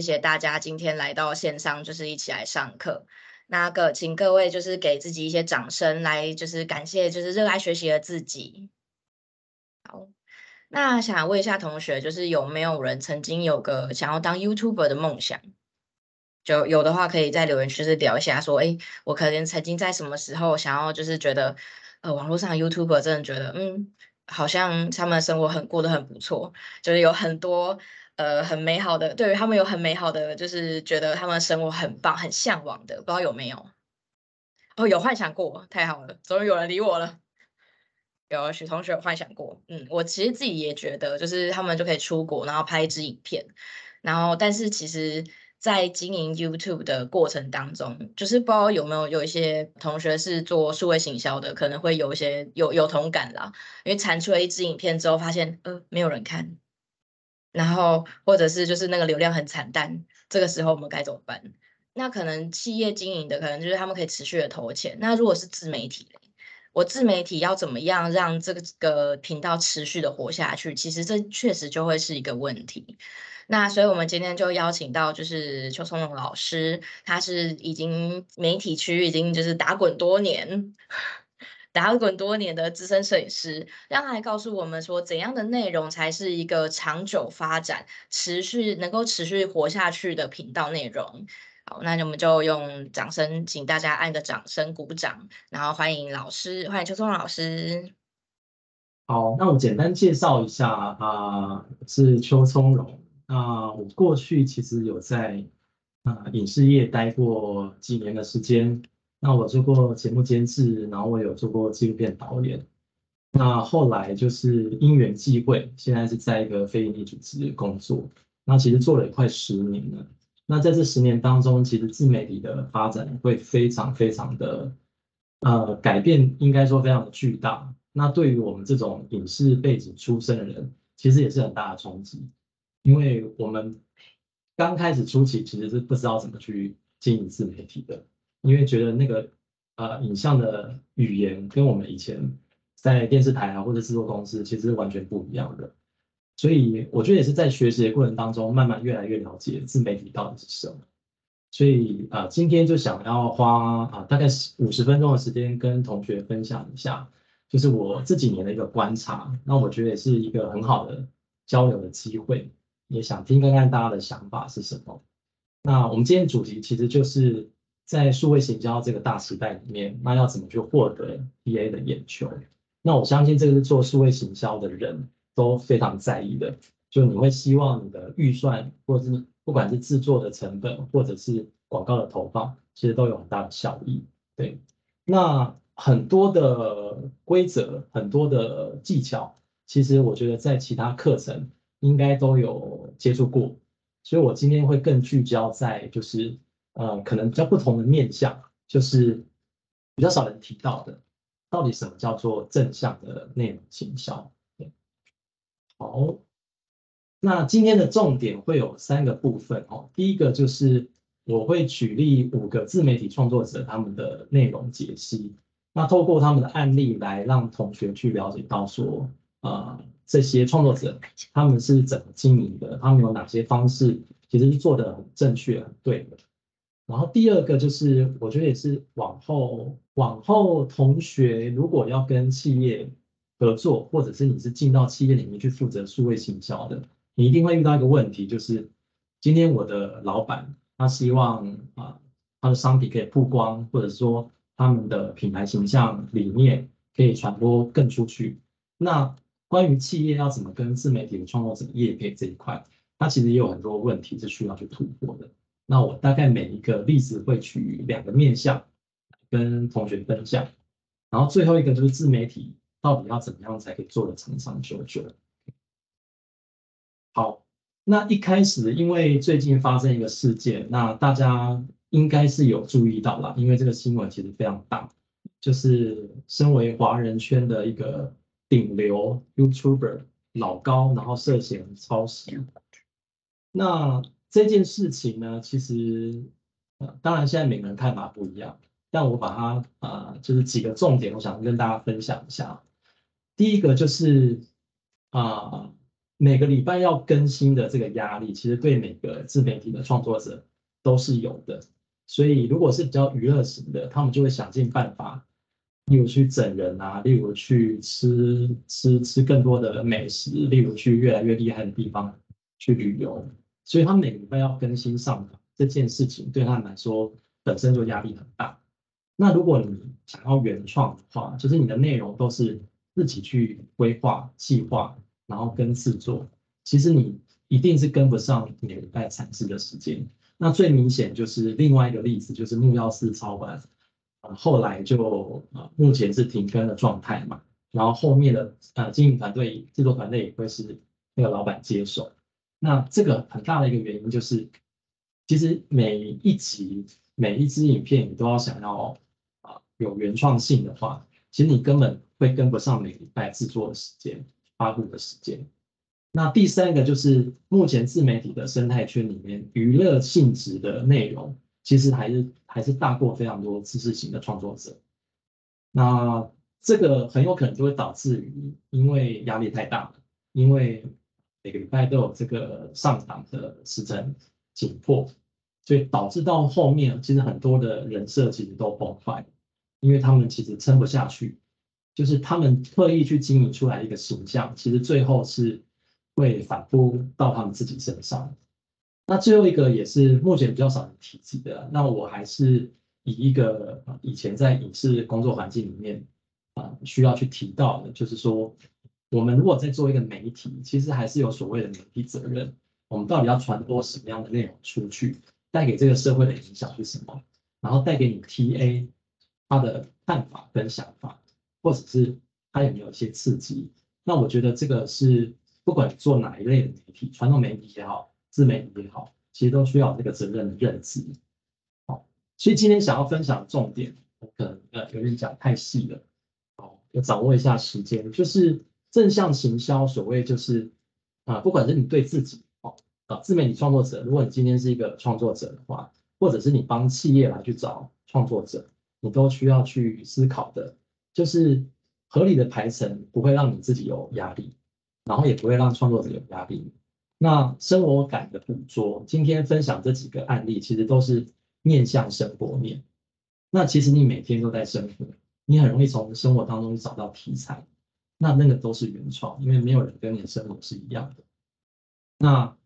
謝謝大家今天來到線上，就是一起來上課。那個，請各位就是給自己一些掌聲，來就是感謝就是熱愛學習的自己。好，那想問一下同學，就是有沒有人曾經有個想要當 YouTuber 的夢想？就有的話，可以在留言區這聊一下說，說哎，我可能曾經在什麼時候想要，就是覺得呃，網絡上的 YouTuber 真的覺得嗯，好像他們的生活很過得很不錯，就是有很多。呃，很美好的，對於他們有很美好的，就是覺得他們生活很棒，很向往的。不知道有沒有？哦，有幻想過，太好了，終於有人理我了。有許同學有幻想過。嗯，我其實自己也覺得，就是他們就可以出國，然後拍一支影片，然後但是其實，在經營 YouTube 的過程當中，就是不知道有沒有有一些同學是做數位行銷的，可能會有一些有有同感啦，因為產出了一支影片之後，發現呃，沒有人看。然後，或者是就是那個流量很慘淡，這個時候我們該怎麼辦？那可能企業經營的，可能就是他們可以持續的投錢。那如果是自媒體，我自媒體要怎麼樣讓這個頻道持續的活下去？其實這確實就會是一個問題。那所以我們今天就邀請到就是邱聰榮老師，他是已經媒體區已經就是打滾多年。打滾多年的資深攝影師，讓他來告訴我們說，怎樣的內容才是一個長久發展、持續能夠持續活下去的頻道內容？好，那我們就用掌聲，請大家按個掌聲鼓掌，然後歡迎老師，歡迎邱聰老師。好，那我簡單介紹一下啊，呃、是邱聰榮。啊、呃，我過去其實有在啊、呃、影視業待過幾年的時間。那我做過節目監製，然後我有做過紀錄片導演。那後來就是因緣際會，現在是在一個非營利組織工作。那其實做了也快十年了。那在這十年當中，其實自媒體的發展會非常非常的呃改變，應該說非常的巨大。那對於我們這種影視背景出身的人，其實也是很大的衝擊，因為我們剛開始初期其實是不知道怎麼去經營自媒體的。因為覺得那個呃影像的語言跟我們以前在電視台啊或者制作公司其實是完全不一樣的，所以我覺得也是在學習的過程當中，慢慢越來越了解自媒體到底是什麼。所以啊、呃，今天就想要花啊、呃、大概五十分鐘的時間跟同學分享一下，就是我這幾年的一個觀察。那我覺得也是一個很好的交流的機會，也想聽看看大家的想法是什麼。那我們今天主題其實就是。在數位行銷這個大時代裡面，那要怎麼去獲得 TA 的眼球？那我相信這個是做數位行銷的人都非常在意的。就你會希望你的預算，或者是不管是制作的成本，或者是廣告的投放，其實都有很大的效益。對，那很多的規則，很多的技巧，其實我覺得在其他課程應該都有接觸過。所以我今天會更聚焦在就是。呃，可能比較不同的面向，就是比較少人提到的，到底什麼叫做正向的內容行銷？好，那今天的重點會有三個部分哦。第一個就是我會舉例五個自媒體創作者，他們的內容解析，那透過他們的案例來讓同學去了解到說，呃，這些創作者他們是怎麼經營的，他們有哪些方式，其實是做得很正確、很對的。然後第二個就是，我覺得也是往後往後，同學如果要跟企業合作，或者是你是進到企業裡面去負責數位行銷的，你一定會遇到一個問題，就是今天我的老板他希望啊，他的商品可以曝光，或者說他們的品牌形象理念可以傳播更出去。那關於企業要怎麼跟自媒體的創作者業配這一塊，他其實也有很多問題是需要去突破的。那我大概每一個例子會舉兩個面向跟同學分享，然後最後一個就是自媒體到底要怎麼樣才可以做得長長久久？好，那一開始因為最近發生一個事件，那大家應該是有注意到了，因為這個新聞其實非常大，就是身為華人圈的一個頂流 YouTuber 老高，然後涉嫌抄襲，那。這件事情呢，其實呃，當然現在每個人看法不一樣，但我把它啊、呃，就是幾個重點，我想跟大家分享一下。第一個就是啊、呃，每個禮拜要更新的這個壓力，其實對每個自媒體的創作者都是有的。所以如果是比較娛樂型的，他們就會想盡辦法，例如去整人啊，例如去吃吃吃更多的美食，例如去越來越厲害的地方去旅遊。所以，他每禮拜要更新上的這件事情，對他們來說本身就壓力很大。那如果你想要原創的話，就是你的內容都是自己去規劃、計劃，然後跟製作，其實你一定是跟不上每禮拜產生的時間。那最明顯就是另外一個例子，就是木曜四超玩，後來就、呃、目前是停更的狀態嘛，然後後面的呃經營團隊、製作團隊也會是那個老闆接手。那這個很大的一個原因就是，其實每一集每一支影片，你都要想要啊有原創性的話，其實你根本會跟不上每禮拜製作的時間、發布的時間。那第三個就是，目前自媒體的生態圈裡面，娛樂性質的內容其實還是還是大過非常多知識型的創作者。那這個很有可能就會導致於因為壓力太大了，因為。每個禮拜都有這個上檔的時程緊迫，所以導致到後面，其實很多的人設其實都崩壞，因為他們其實撐不下去，就是他們特意去經營出來一個形象，其實最後是會反撲到他們自己身上。那最後一個也是目前比較少人提及的，那我還是以一個以前在影視工作環境裡面啊需要去提到的，就是說。我們如果在做一個媒體，其實還是有所謂的媒體責任。我們到底要傳播什麼樣的內容出去，帶給這個社會的影響是什麼？然後帶給你 TA 他的看法跟想法，或者是他有沒有一些刺激？那我覺得這個是不管做哪一類的媒體，傳統媒體也好，自媒體也好，其實都需要這個責任的認知。好，所以今天想要分享重點，我可能呃有點講太細了。好，我掌握一下時間，就是。正向行銷，所謂就是啊，不管是你對自己哦，啊，自媒體創作者，如果你今天是一個創作者的話，或者是你幫企業來去找創作者，你都需要去思考的，就是合理的排程，不會讓你自己有壓力，然後也不會讓創作者有壓力。那生活感的捕捉，今天分享這幾個案例，其實都是面向生活面。那其實你每天都在生活，你很容易從生活當中找到題材。那那個都是原創，因為沒有人跟你的生活是一樣的。那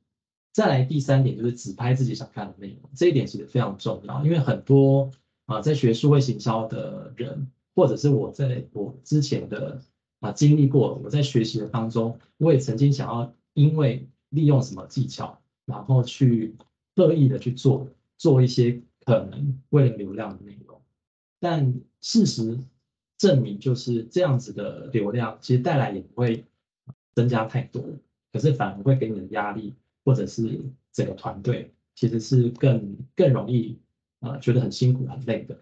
再來第三點就是只拍自己想看的內容，這一點其實非常重要，因為很多啊在學數位行銷的人，或者是我在我之前的啊經歷過的，我在學習的當中，我也曾經想要因為利用什麼技巧，然後去特意的去做做一些可能為了流量的內容，但事實。證明就是這樣子的流量，其實帶來也不會增加太多，可是反而會給你的壓力，或者是整個團隊其實是更更容易，呃，覺得很辛苦很累的。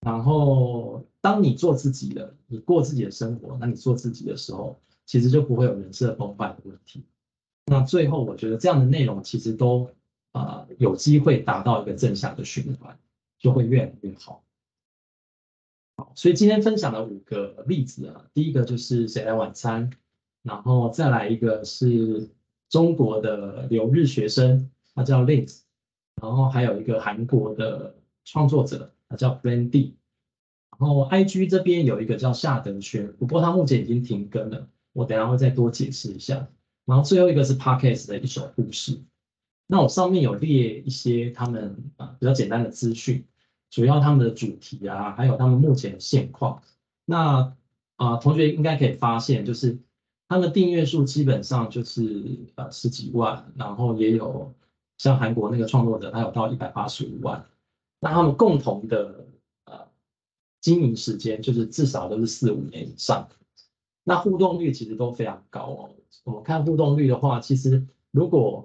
然後當你做自己的，你過自己的生活，那你做自己的時候，其實就不會有人設崩壞的問題。那最後我覺得這樣的內容其實都啊，呃，有機會達到一個正向的循環，就會越來越好。好，所以今天分享的五個例子啊，第一個就是誰來晚餐，然後再來一個是中國的留日學生，他叫 Link，然後還有一個韓國的創作者，他叫 Brandy，然後 IG 這邊有一個叫夏德圈，不過他目前已經停更了，我等一下會再多解釋一下。然後最後一個是 Podcast 的一首故事，那我上面有列一些他們啊比較簡單的資訊。主要他們的主題啊，還有他們目前的現況，那啊，呃，同學應該可以發現，就是他們的訂閱數基本上就是呃十幾萬，然後也有像韓國那個創作者，他有到一百八十五萬。那他們共同的呃經營時間，就是至少都是四五年以上。那互動率其實都非常高哦。我們看互動率的話，其實如果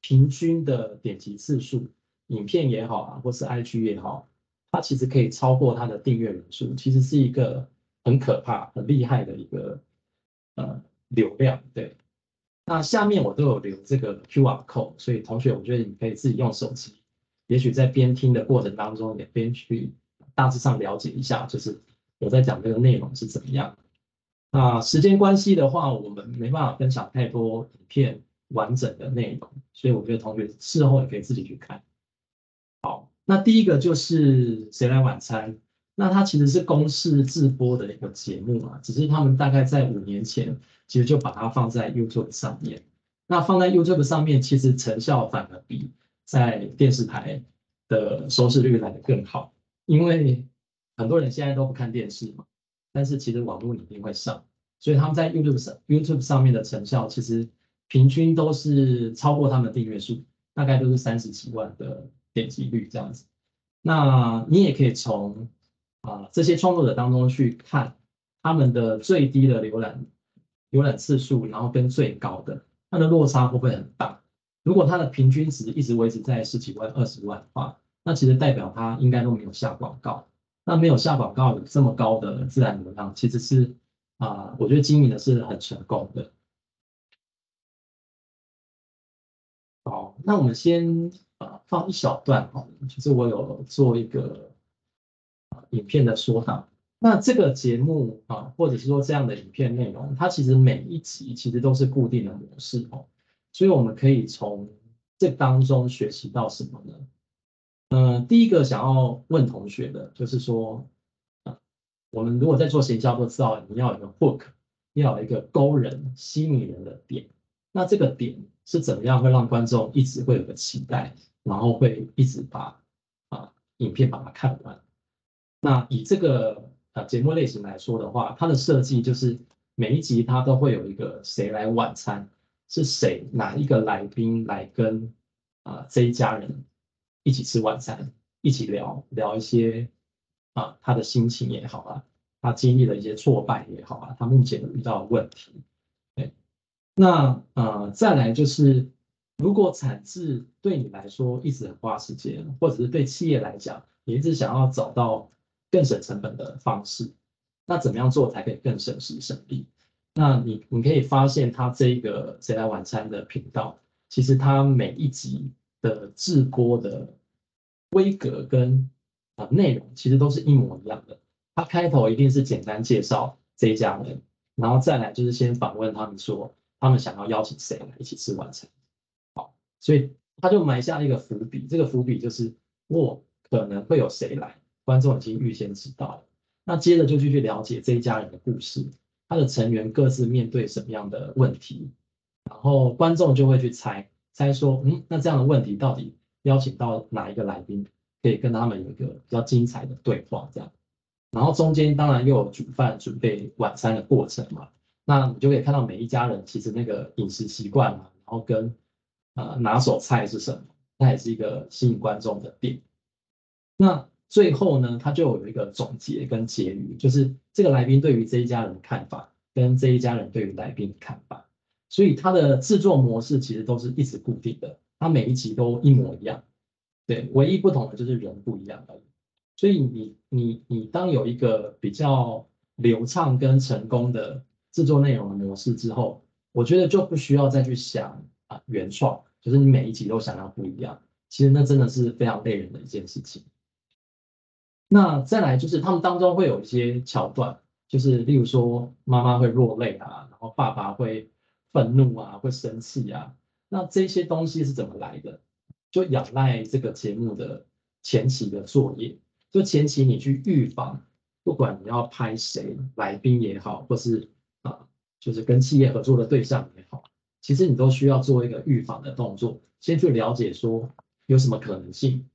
平均的點擊次數，影片也好啊，或是 IG 也好。它其實可以超過它的訂閱人數，其實是一個很可怕、很厲害的一個呃流量。對，那下面我都有留這個 QR code，所以同學，我覺得你可以自己用手機，也許在邊聽的過程當中，也邊去大致上了解一下，就是我在講這個內容是怎麼樣。那時間關係的話，我們沒辦法分享太多影片完整的內容，所以我覺得同學事後也可以自己去看。那第一個就是誰來晚餐？那它其實是公視自播的一個節目嘛，只是他們大概在五年前其實就把它放在 YouTube 上面。那放在 YouTube 上面，其實成效反而比在電視台的收視率來得更好，因為很多人現在都不看電視嘛。但是其實網絡一定會上，所以他們在 YouTube 上 YouTube 上面的成效，其實平均都是超過他們訂閱數，大概都是三十幾萬的。點擊率這樣子，那你也可以從啊、呃、這些創作者當中去看他們的最低的瀏覽瀏覽次數，然後跟最高的，它，的落差會不會很大？如果它的平均值一直維持在十幾萬、二十萬的話，那其實代表它應該都沒有下廣告。那沒有下廣告有這麼高的自然流量，其實是啊、呃，我覺得經營的是很成功的。好，那我們先。放一小段哈，其實我有做一個影片的說導。那這個節目啊，或者是說這樣的影片內容，它其實每一集其實都是固定的模式哦。所以我們可以從這當中學習到什麼呢？嗯、呃，第一個想要問同學的，就是說，啊，我們如果在做營銷都知道，你要有一個 hook，要有一個勾人、吸引人的點。那這個點是怎麼樣會讓觀眾一直會有個期待？然後會一直把啊影片把它看完。那以這個啊節目類型來說的話，它的設計就是每一集它都會有一個誰來晚餐，是誰哪一個來賓來跟啊這一家人一起吃晚餐，一起聊聊一些啊他的心情也好啊，他經歷了一些挫敗也好啊，他目前遇到的問題。對。那啊再來就是。如果產製對你來說一直很花時間，或者是對企業來講，你一直想要找到更省成本的方式，那怎麼樣做才可以更省時省力？那你你可以發現，他這個《誰來晚餐》的頻道，其實他每一集的制播的規格跟啊內容，其實都是一模一樣的。他開頭一定是簡單介紹這一家人，然後再來就是先訪問他們，說他們想要邀請誰來一起吃晚餐。所以他就埋下了一個伏筆，這個伏筆就是我可能會有誰來觀眾已經預先知道了。那接着就去去了解這一家人的故事，他的成員各自面對什麼樣的問題，然後觀眾就會去猜猜說，嗯，那這樣的問題到底邀請到哪一個來賓，可以跟他們有一個比較精彩的對話這樣。然後中間當然又有煮飯、準備晚餐的過程嘛，那你就可以看到每一家人其實那個飲食習慣嘛，然後跟。呃，拿手菜是什麼？那也是一個吸引觀眾的點。那最後呢，它就有一個總結跟結語，就是這個來賓對於這一家人的看法，跟這一家人對於來賓的看法。所以它的制作模式其實都是一直固定的，它每一集都一模一樣。對，唯一不同的就是人不一樣而已。所以你你你，你當有一個比較流暢跟成功的制作內容的模式之後，我覺得就不需要再去想。啊，原創就是你每一集都想要不一樣，其實那真的是非常累人的一件事情。那再來就是他們當中會有一些橋段，就是例如說媽媽會落淚啊，然後爸爸會憤怒啊，會生氣啊，那這些東西是怎麼來的？就仰賴這個節目的前期的作業，就前期你去預防，不管你要拍誰，來賓也好，或是啊，就是跟企業合作的對象也好。其實你都需要做一個預防的動作，先去了解說有什麼可能性，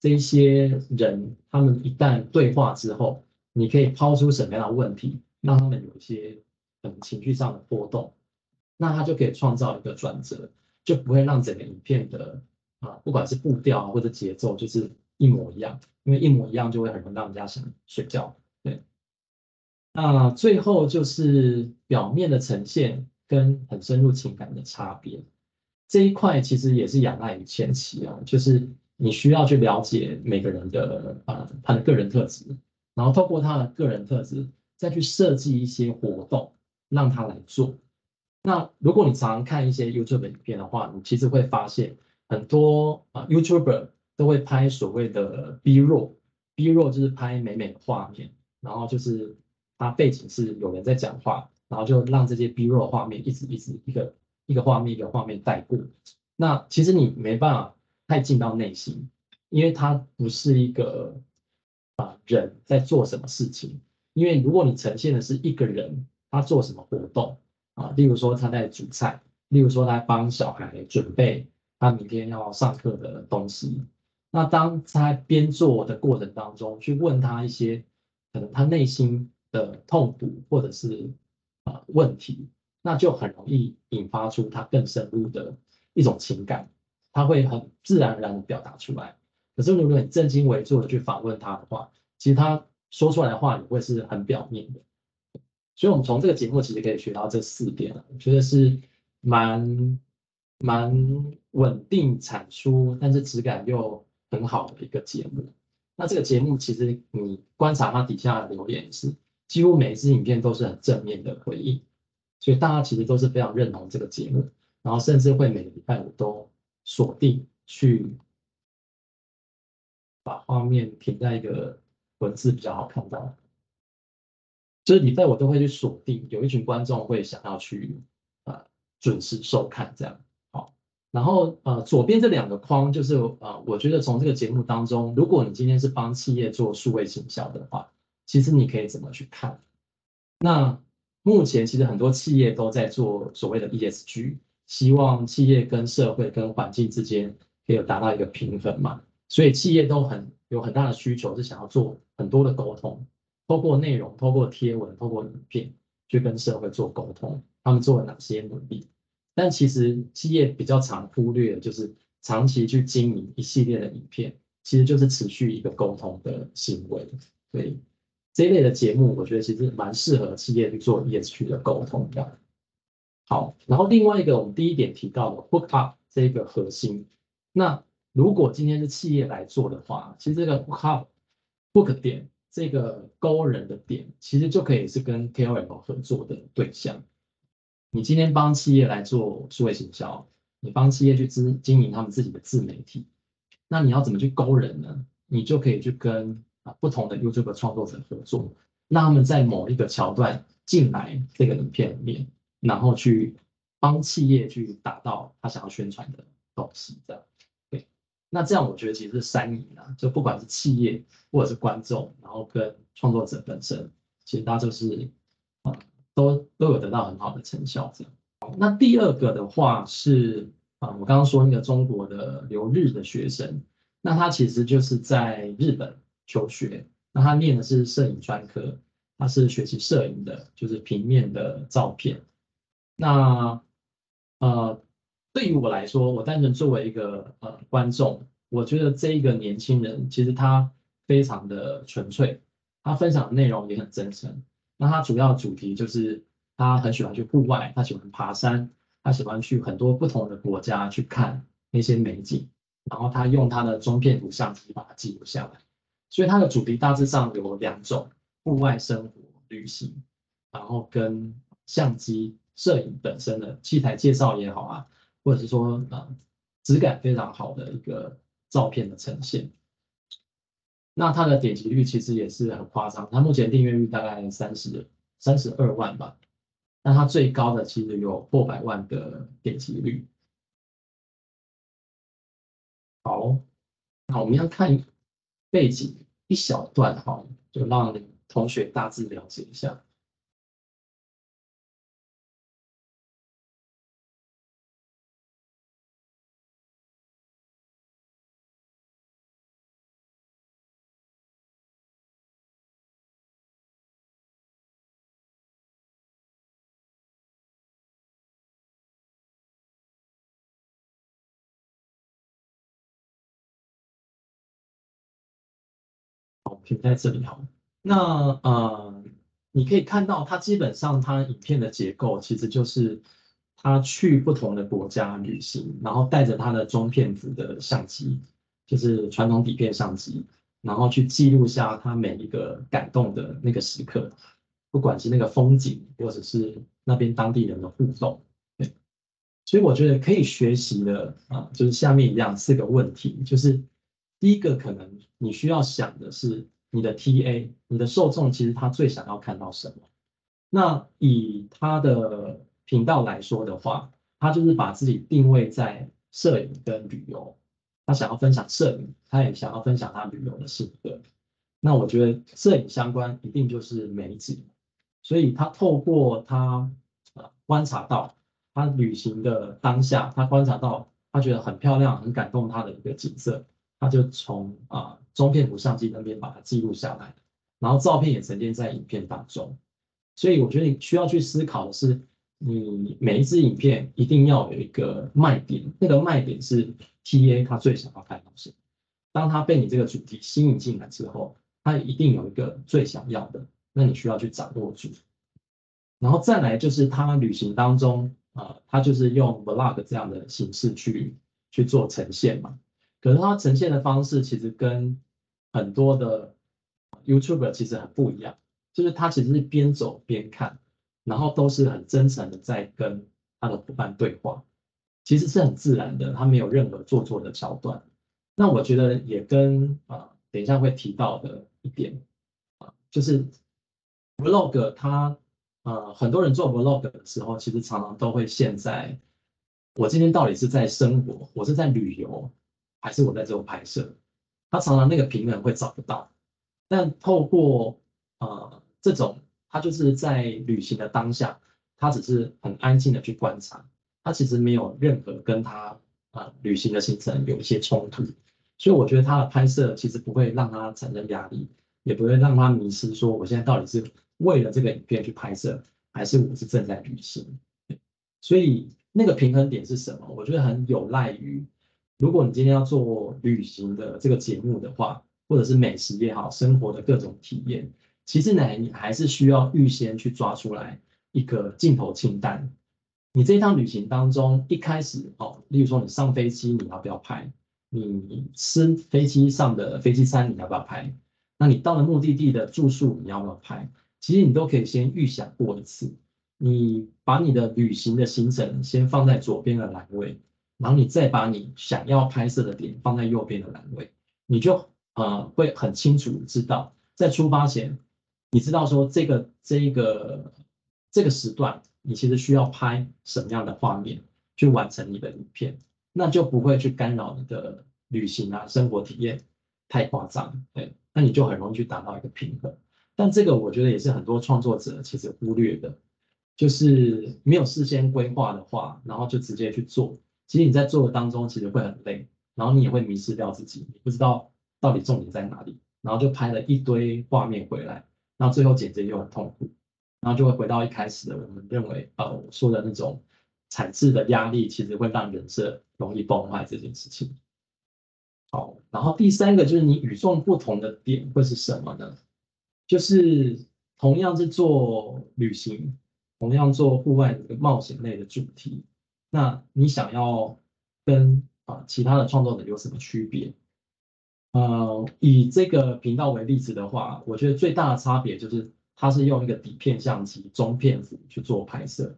這些人他們一旦對話之後，你可以拋出什麼樣的問題，讓他們有一些很情緒上的波動，那他就可以創造一個轉折，就不會讓整個影片的啊，不管是步調啊或者節奏就是一模一樣，因為一模一樣就會很容易讓人家想睡覺。對，那，啊，最後就是表面的呈現。跟很深入情感的差別，這一塊其實也是仰賴於前期啊，就是你需要去了解每個人的啊、呃、他的個人特質，然後透過他的個人特質再去設計一些活動讓他來做。那如果你常看一些 YouTube 影片的話，你其實會發現很多啊、呃、YouTuber 都會拍所謂的 B-roll，B-roll 就是拍美美的畫面，然後就是他背景是有人在講話。然後就讓這些 B-roll 畫面一直一直一個,一直一個,一個畫面一個畫面帶過。那其實你沒辦法太進到內心，因為他不是一個啊人在做什麼事情。因為如果你呈現的是一個人他做什麼活動啊，例如說他在煮菜，例如說他在幫小孩準備他明天要上課的東西。那當他邊做的過程當中，去問他一些可能他內心的痛苦或者是。啊，問題，那就很容易引發出他更深入的一種情感，他會很自然而然的表達出來。可是如果你正襟危坐的去訪問他的話，其實他說出來的話也會是很表面的。所以，我們從這個節目其實可以學到這四點啊，我覺得是蠻蠻穩定產出，但是質感又很好的一個節目。那這個節目其實你觀察它底下的留言也是。幾乎每一支影片都是很正面的回應，所以大家其實都是非常認同這個節目，然後甚至會每個禮拜我都鎖定去把畫面停在一個文字比較好看到，就是禮拜我都會去鎖定，有一群觀眾會想要去啊準時收看這樣。好，然後呃左邊這兩個框就是啊、呃、我覺得從這個節目當中，如果你今天是幫企業做數位行銷的話。其實你可以怎麼去看？那目前其實很多企業都在做所謂的 ESG，希望企業跟社會跟環境之間可以有達到一個平衡嘛。所以企業都很有很大的需求，是想要做很多的溝通，透過內容、透過貼文、透過影片去跟社會做溝通。他們做了哪些努力。但其實企業比較常忽略的就是長期去經營一系列的影片，其實就是持續一個溝通的行為，所以。這一類的節目，我覺得其實蠻適合企業去做 ESG 的溝通的。好，然後另外一個我們第一點提到的 book up 這個核心，那如果今天是企業來做的話，其實這個 book up book 點這個勾人的點，其實就可以是跟 KOL 合作的對象。你今天幫企業來做數位行銷，你幫企業去資經營他們自己的自媒體，那你要怎麼去勾人呢？你就可以去跟。啊，不同的 YouTube 的創作者合作，那他們在某一個橋段進來這個影片裡面，然後去幫企業去打造他想要宣傳的東西，這樣對。那這樣我覺得其實是三贏啊，就不管是企業或者是觀眾，然後跟創作者本身，其實他就是啊、嗯，都都有得到很好的成效這樣。那第二個的話是啊，我剛剛說那個中國的留日的學生，那他其實就是在日本。求學，那他念的是攝影專科，他是學習攝影的，就是平面的照片。那呃，對於我來說，我單純作為一個呃觀眾，我覺得這一個年輕人其實他非常的純粹，他分享的內容也很真誠。那他主要的主題就是他很喜歡去戶外，他喜歡爬山，他喜歡去很多不同的國家去看那些美景，然後他用他的中片圖像機把它記錄下來。所以它的主題大致上有兩種：戶外生活、旅行，然後跟相機攝影本身的器材介紹也好啊，或者是說，啊、呃、質感非常好的一個照片的呈現。那它的點擊率其實也是很誇張，它目前訂閱率大概三十、三十二萬吧，那它最高的其實有過百萬的點擊率。好，那我們要看背景。一小段哈，就讓你同學大致了解一下。停在這裡好了，那呃，你可以看到，它基本上它影片的結構其實就是他去不同的國家旅行，然後帶着他的中片子的相機，就是傳統底片相機，然後去記錄下他每一個感動的那個時刻，不管是那個風景，或者是那邊當地人的互動，對。所以我覺得可以學習的啊，就是下面一樣四個問題，就是第一個可能你需要想的是。你的 TA，你的受眾其實他最想要看到什麼？那以他的頻道來說的話，他就是把自己定位在攝影跟旅遊，他想要分享攝影，他也想要分享他旅遊的景色。那我覺得攝影相關一定就是美景，所以他透過他啊觀察到他旅行的當下，他觀察到他覺得很漂亮、很感動他的一個景色。他就從啊、呃、中片幅相機那邊把它記錄下來，然後照片也沉澱在影片當中。所以我覺得你需要去思考的是，你每一支影片一定要有一個賣點，那個賣點是 TA 他最想要看到什麼。當他被你這個主題吸引進來之後，他一定有一個最想要的，那你需要去掌握住。然後再來就是他旅行當中啊、呃，他就是用 vlog 這樣的形式去去做呈現嘛。可是他呈現的方式其實跟很多的 YouTuber 其實很不一樣，就是他其實是邊走邊看，然後都是很真誠的在跟他的夥伴對話，其實是很自然的，他沒有任何做作的橋段。那我覺得也跟啊、呃，等一下會提到的一點啊，就是 Vlog 他啊、呃，很多人做 Vlog 的時候，其實常常都會陷在我今天到底是在生活，我是在旅遊。還是我在這種拍攝，他常常那個平衡會找不到。但透過呃這種，他就是在旅行的當下，他只是很安靜的去觀察，他其實沒有任何跟他、呃、旅行的行程有一些衝突。所以我覺得他的拍攝其實不會讓他產生壓力，也不會讓他迷失。說迷失說我現在到底是為了這個影片去拍攝，還是我是正在旅行？所以那個平衡點是什麼？我覺得很有賴於。如果你今天要做旅行的這個節目的話，或者是美食也好，生活的各種體驗，其實呢，你還是需要預先去抓出來一個鏡頭清單。你這一趟旅行當中，一開始哦，例如說你上飛機，你要不要拍？你吃飛機上的飛機餐，你要不要拍？那你到了目的地的住宿，你要不要拍？其實你都可以先預想過一次，你把你的旅行的行程先放在左邊的欄位，然後你再把你想要拍攝的點放在右邊的欄位，你就呃會很清楚知道，在出發前，你知道說這個這個這個時段，你其實需要拍什麼樣的畫面去完成你的影片，那就不會去干擾你的旅行啊，生活體驗太誇張，對，那你就很容易去達到一個平衡。但這個我覺得也是很多創作者其實忽略的，就是沒有事先規劃的話，然後就直接去做。其實你在做的當中，其實會很累，然後你也會迷失掉自己，不知道到底重點在哪裡，然後就拍了一堆畫面回來，然後最後剪輯又很痛苦，然後就會回到一開始的我們認為，呃，我說的那種產製的壓力，其實會讓人設容易崩壞這件事情。好，然後第三個就是你與眾不同的點會是什麼呢？就是同樣是做旅行，同樣做戶外的冒險類的主題。那你想要跟啊其他的創作者有什麼區別？呃，以這個頻道為例子的話，我覺得最大的差別就是他是用一個底片相機，中片幅去做拍攝，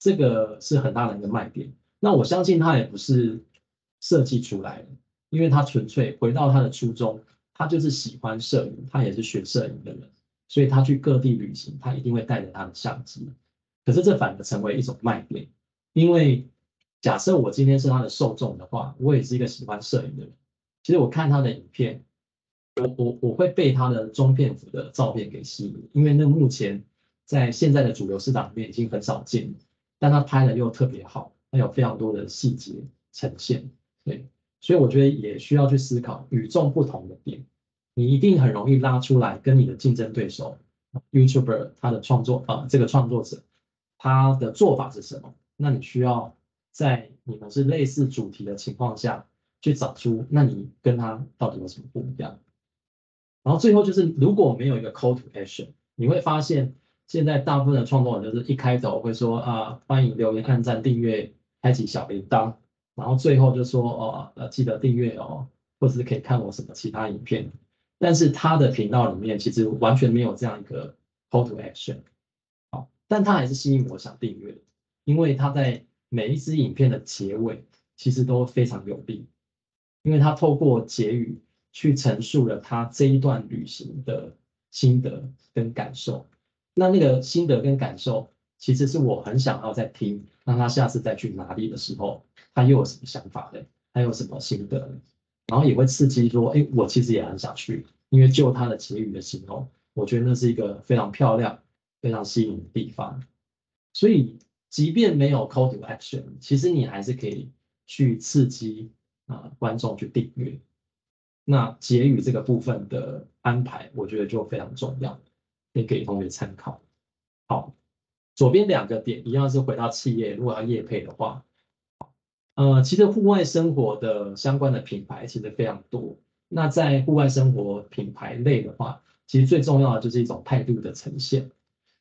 這個是很大的一個賣點。那我相信他也不是設計出來的，因為他純粹回到他的初衷，他就是喜歡攝影，他也是學攝影的人，所以他去各地旅行，他一定會帶着他的相機。可是這反而成為一種賣點，因為。假設我今天是他的受眾的話，我也是一個喜歡攝影的人。其實我看他的影片，我我我會被他的中片幅的照片給吸引，因為那目前在現在的主流市場裡面已經很少見，但他拍的又特別好，他有非常多的細節呈現。對，所以我覺得也需要去思考與眾不同的點。你一定很容易拉出來跟你的競爭對手 YouTuber 他的創作啊，這個創作者他的做法是什麼？那你需要。在你們是類似主題的情況下去找出，那你跟他到底有什麼不一樣？然後最後就是，如果沒有一個 call to action，你會發現現在大部分的創作者就是一開頭會說啊，歡迎留言、按讚、訂閱、開啟小鈴鐺，然後最後就說哦呃、啊啊，記得訂閱哦，或者是可以看我什麼其他影片。但是他的頻道裡面其實完全沒有這樣一個 call to action，好，但他還是吸引我想訂閱的，因為他在。每一支影片的結尾其實都非常有力，因為他透過結語去陳述了他這一段旅行的心得跟感受。那那個心得跟感受，其實是我很想要再聽，讓他下次再去哪裡的時候，他又有什麼想法嘞？他有什麼心得？然後也會刺激說，哎、欸，我其實也很想去，因為就他的結語的時候，我覺得那是一個非常漂亮、非常吸引的地方，所以。即便沒有 call to action，其實你還是可以去刺激啊、呃、觀眾去訂閱。那結語這個部分的安排，我覺得就非常重要，也可以給同學參考。好，左邊兩個點一樣是回到企業，如果要業配的話，呃，其實戶外生活的相關的品牌其實非常多。那在戶外生活品牌類的話，其實最重要的就是一種態度的呈現。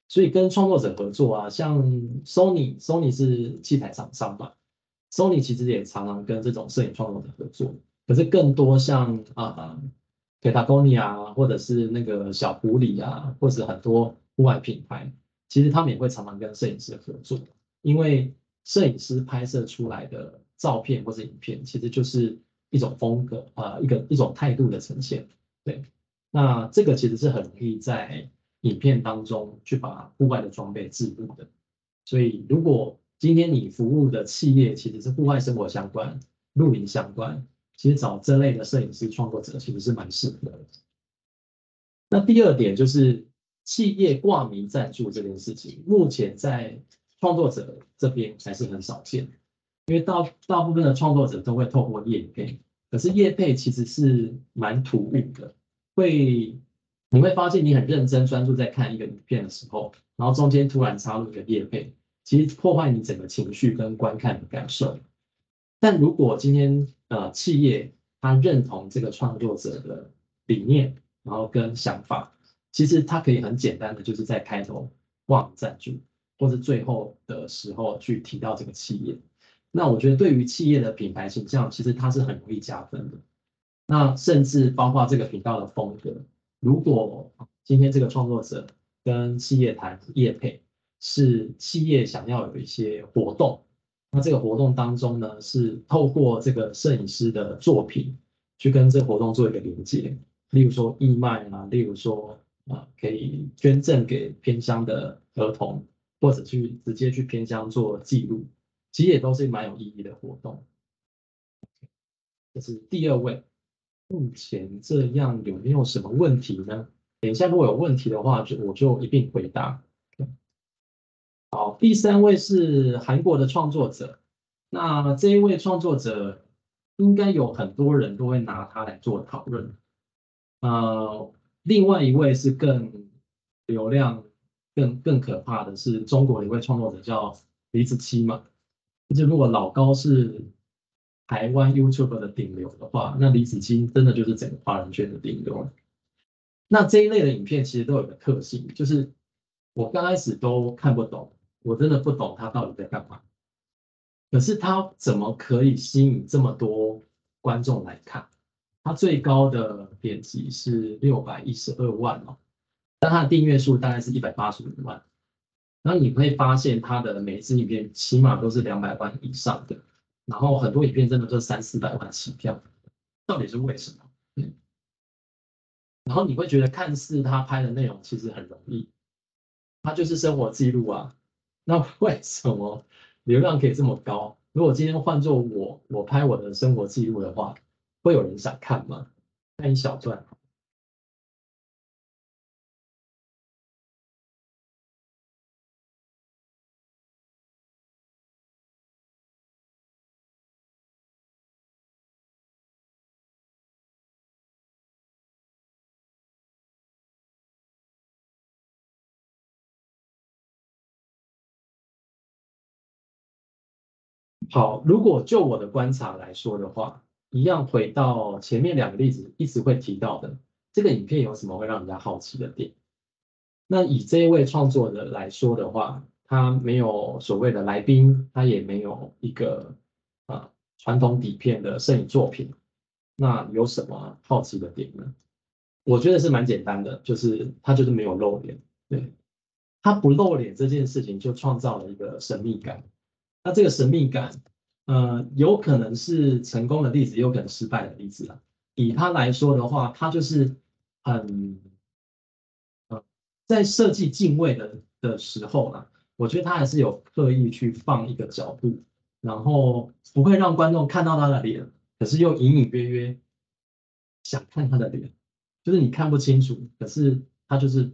所以跟創作者合作啊，像 Sony，Sony 是器材廠商嘛，Sony 其實也常常跟這種攝影創作者合作。可是更多像啊，Patagonia 啊，或者是那個小狐狸啊，或者是很多戶外品牌，其實他們也會常常跟攝影師合作。因為攝影師拍攝出來的照片或者影片，其實就是一種風格啊，一個一種態度的呈現。對，那這個其實是很容易在。影片當中去把戶外的裝備置入的。所以如果今天你服務的企業其實是戶外生活相關、露營相關，其實找這類的攝影師創作者其實是蠻適合的。那第二點就是企業掛名贊助這件事情，目前在創作者這邊還是很少見，因為大大部分的創作者都會透過業配，可是業配其實是蠻突兀的，會。你會發現，你很認真專注在看一個影片的時候，然後中間突然插入一個業配，其實破壞你整個情緒跟觀看的感受。但如果今天呃企業他認同這個創作者的理念，然後跟想法，其實它可以很簡單的就是在開頭望贊助，或者最後的時候去提到這個企業。那我覺得對於企業的品牌形象，其實它是很容易加分的。那甚至包括這個頻道的風格。如果今天這個創作者跟企業談業配，是企業想要有一些活動，那這個活動當中呢，是透過這個攝影師的作品去跟這個活動做一個連接。例如說義賣啊，例如說啊可以捐贈給偏鄉的兒童，或者去直接去偏鄉做記錄，其實也都是蠻有意義的活動。這是第二位。目前這樣有沒有什麼問題呢？等一下如果有問題的話，就我就一併回答。好，第三位是韓國的創作者，那這一位創作者應該有很多人都會拿他來做討論。呃，另外一位是更流量，更更可怕的是中國的一位創作者叫李子柒嘛，就是如果老高是台灣 YouTuber 的頂流的話，那李子柒真的就是整個華人圈的頂流。那這一類的影片其實都有個特性，就是我剛開始都看不懂，我真的不懂他到底在幹嘛。可是他怎麼可以吸引這麼多觀眾來看？他最高的點擊是六百一十二萬哦，但他的訂閱數大概是一百八十五萬。那你會發現他的每一支影片起碼都是兩百萬以上的。然後很多影片真的就三四百萬起跳，到底是為什麼，嗯？然後你會覺得看似他拍的內容其實很容易，他就是生活記錄啊。那為什麼流量可以這麼高？如果今天換做我，我拍我的生活記錄的話，會有人想看嗎？看一小段。好，如果就我的觀察來說的話，一樣回到前面兩個例子，一直會提到的這個影片有什麼會讓人家好奇的點？那以這一位創作者來說的話，他沒有所謂的來賓，他也沒有一個啊傳統底片的攝影作品，那有什麼好奇的點呢？我覺得是蠻簡單的，就是他就是沒有露臉。對，他不露臉這件事情就創造了一個神秘感。那這個神秘感，呃，有可能是成功的例子，也有可能失敗的例子了。以他來說的話，他就是很、嗯，呃，在設計鏡位的的時候呢，我覺得他還是有刻意去放一個角度，然後不會讓觀眾看到他的臉，可是又隱隱約約想看他的臉，就是你看不清楚，可是他就是，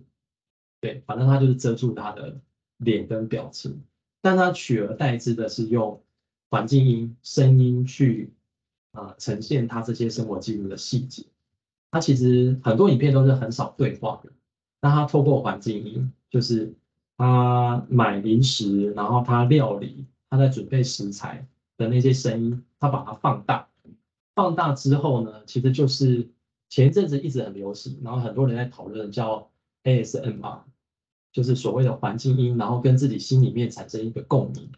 對，反正他就是遮住他的臉跟表情。但他取而代之的是用環境音、聲音去啊、呃、呈現他這些生活記錄的細節。他其實很多影片都是很少對話的，但他透過環境音，就是他買零食，然後他料理，他在準備食材的那些聲音，他把它放大。放大之後呢，其實就是前一陣子一直很流行，然後很多人在討論叫 ASMR。就是所謂的環境音，然後跟自己心裡面產生一個共鳴，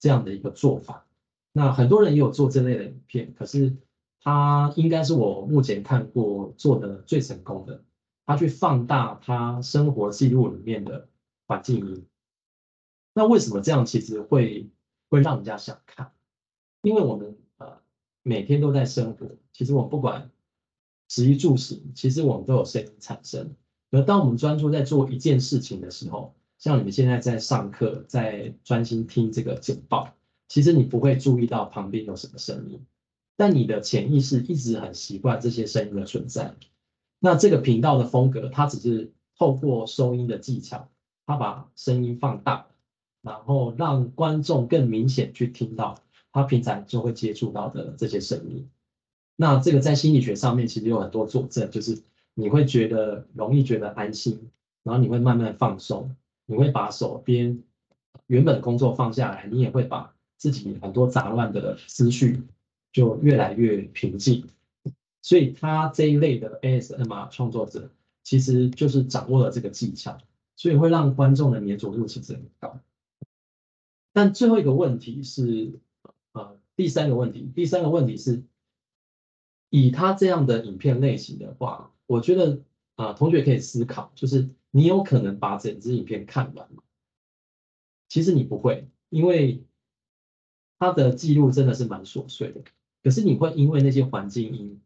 這樣的一個做法。那很多人也有做這類的影片，可是他應該是我目前看過做的最成功的。他去放大他生活記錄裡面的環境音。那為什麼這樣其實會會讓人家想看？因為我們呃每天都在生活，其實我們不管食衣住行，其實我們都有聲音產生。而當我們專注在做一件事情的時候，像你們現在在上課，在專心聽這個簡報，其實你不會注意到旁邊有什麼聲音，但你的潛意識一直很習慣這些聲音的存在。那這個頻道的風格，它只是透過收音的技巧，它把聲音放大，然後讓觀眾更明顯去聽到他平常就會接觸到的這些聲音。那這個在心理學上面其實有很多佐證，就是。你會覺得，容易覺得安心，然後你會慢慢放鬆，你會把手邊原本工作放下來，你也會把自己很多雜亂的思緒就越來越平靜。所以他這一類的 ASMR 創作者其實就是掌握了這個技巧，所以會讓觀眾的黏着度其實很高。但最後一個問題是，呃，第三個問題，第三個問題是，以他這樣的影片類型的話。我覺得啊、呃，同學可以思考，就是你有可能把整支影片看完。其實你不會，因為他的記錄真的是蠻瑣碎的。可是你會因為那些環境音，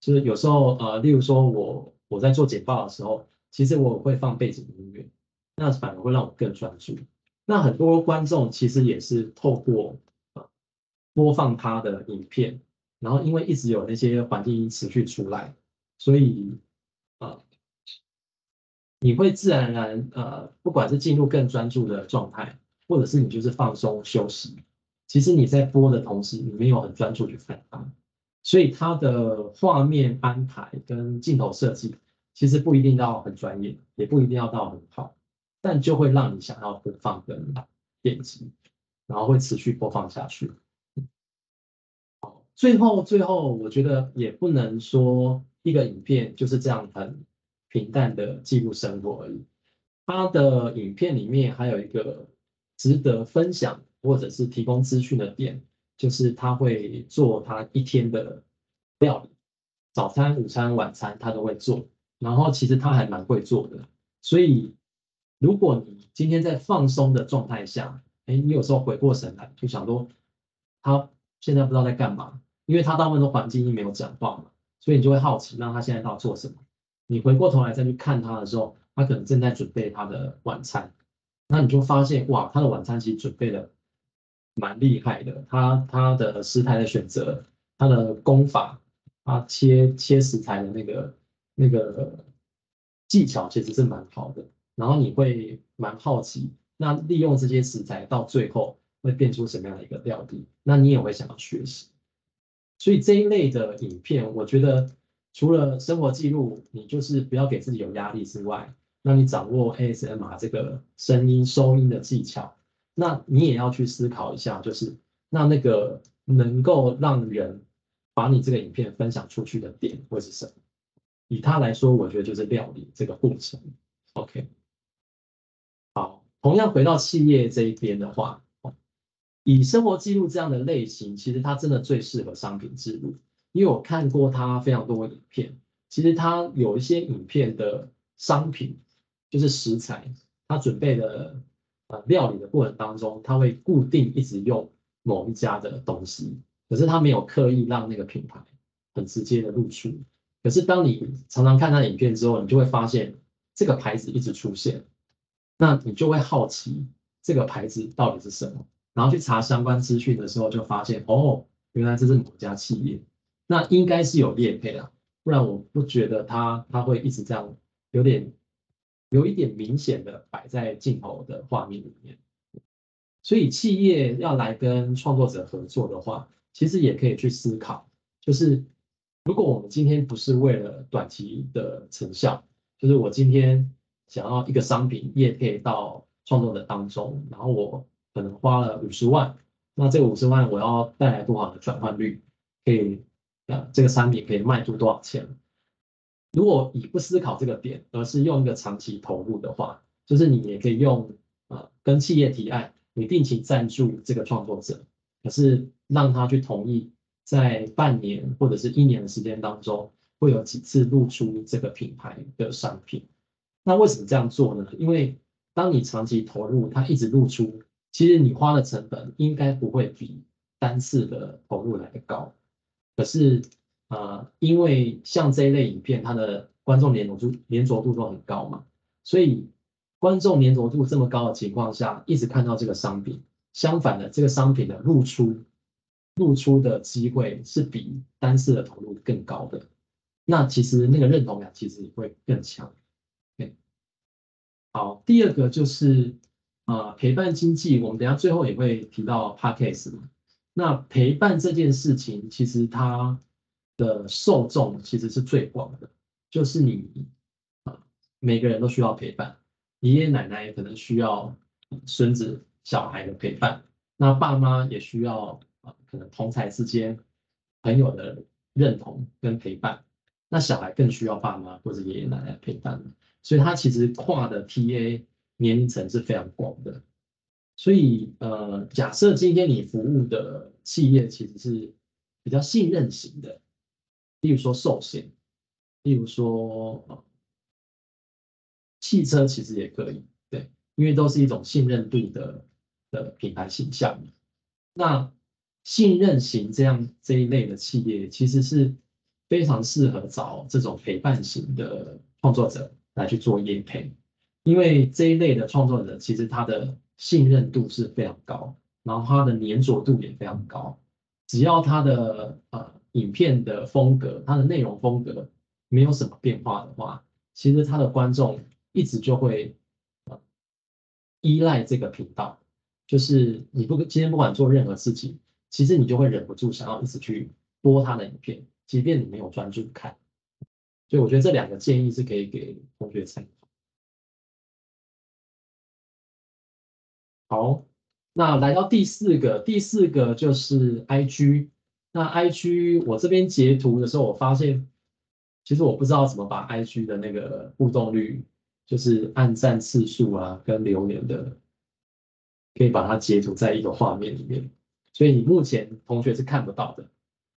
就是有時候呃，例如說我我在做簡報的時候，其實我會放背景音樂，那反而會讓我更專注。那很多觀眾其實也是透過啊、呃、播放他的影片，然後因為一直有那些環境音持續出來，所以。你會自然而然，呃，不管是進入更專注的狀態，或者是你就是放鬆休息。其實你在播的同時，你沒有很專注去看它，所以它的畫面安排跟鏡頭設計，其實不一定到很專業，也不一定要到很好，但就會讓你想要播放跟點擊，然後會持續播放下去。好，最後最後，我覺得也不能說一個影片就是這樣的很。平淡的記錄生活而已。他的影片裡面還有一個值得分享或者是提供資訊的點，就是他會做他一天的料理，早餐、午餐、晚餐他都會做。然後其實他還蠻會做的。所以如果你今天在放鬆的狀態下，哎，你有時候回過神來就想說，他現在不知道在幹嘛，因為他大部分都環境音沒有講話嘛，所以你就會好奇，那他現在到底做什麼？你回過頭來再去看他的時候，他可能正在準備他的晚餐，那你就發現哇，他的晚餐其實準備得蠻厲害的，他他的食材的選擇，他的功法，他切切食材的那個那個技巧其實是蠻好的，然後你會蠻好奇，那利用這些食材到最後會變出什麼樣的一個料理，那你也會想要學習，所以這一類的影片，我覺得。除了生活記錄，你就是不要給自己有壓力之外，那你掌握 ASMR 這個聲音收音的技巧，那你也要去思考一下，就是那那個能夠讓人把你這個影片分享出去的點會是什麼？以他來說，我覺得就是料理這個過程。OK，好，同樣回到企業這一邊的話，以生活記錄這樣的類型，其實它真的最適合商品記錄。因為我看過他非常多的影片，其實他有一些影片的商品就是食材，他準備的呃料理的過程當中，他會固定一直用某一家的東西，可是他沒有刻意讓那個品牌很直接的露出。可是當你常常看他的影片之後，你就會發現這個牌子一直出現，那你就會好奇這個牌子到底是什麼？然後去查相關資訊的時候，就發現哦，原來這是某一家企業。那應該是有業配啊，不然我不覺得他他會一直這樣，有點有一點明顯的擺在鏡頭的畫面裡面。所以企業要來跟創作者合作的話，其實也可以去思考，就是如果我們今天不是為了短期的成效，就是我今天想要一個商品業配到創作者當中，然後我可能花了五十萬，那這五十萬我要帶來多少的轉換率，可以。呃、啊，這個商品可以賣出多少錢？如果以不思考這個點，而是用一個長期投入的話，就是你也可以用呃，跟企業提案，你定期贊助這個創作者，可是讓他去同意在半年或者是一年的時間當中會有幾次露出這個品牌的商品。那為什麼這樣做呢？因為當你長期投入，他一直露出，其實你花的成本應該不會比單次的投入來的高。可是，呃，因為像這一類影片，它的觀眾黏著度、黏著度都很高嘛，所以觀眾黏著度這麼高的情況下，一直看到這個商品，相反的，這個商品的露出、露出的機會是比單次的投入更高的，那其實那個認同感其實也會更強。對。好，第二個就是，呃，陪伴經濟，我們等下最後也會提到 Podcast 嘛。那陪伴這件事情，其實它的受眾其實是最廣的，就是你啊，每個人都需要陪伴，爺爺奶奶也可能需要孫子小孩的陪伴，那爸媽也需要啊，可能同才之間朋友的認同跟陪伴，那小孩更需要爸媽或者爺爺奶奶陪伴，所以他其實跨的 TA 年齡層是非常廣的。所以，呃，假設今天你服務的企業其實是比較信任型的，例如說壽險，例如說，呃、啊，汽車其實也可以，對，因為都是一種信任度的的品牌形象嘛。那信任型這樣這一類的企業，其實是非常適合找這種陪伴型的創作者來去做業配，pay, 因為這一類的創作者其實他的。信任度是非常高，然後它的粘着度也非常高。只要它的呃影片的風格、它的內容風格沒有什麼變化的話，其實它的觀眾一直就會，呃，依賴這個頻道。就是你不，今天不管做任何事情，其實你就會忍不住想要一直去播他的影片，即便你沒有專注看。所以我覺得這兩個建議是可以給同學參考。好，那來到第四個，第四個就是 I G。那 I G 我這邊截圖的時候，我發現其實我不知道怎麼把 I G 的那個互動率，就是按讚次數啊，跟留言的，可以把它截圖在一個畫面裡面。所以你目前同學是看不到的。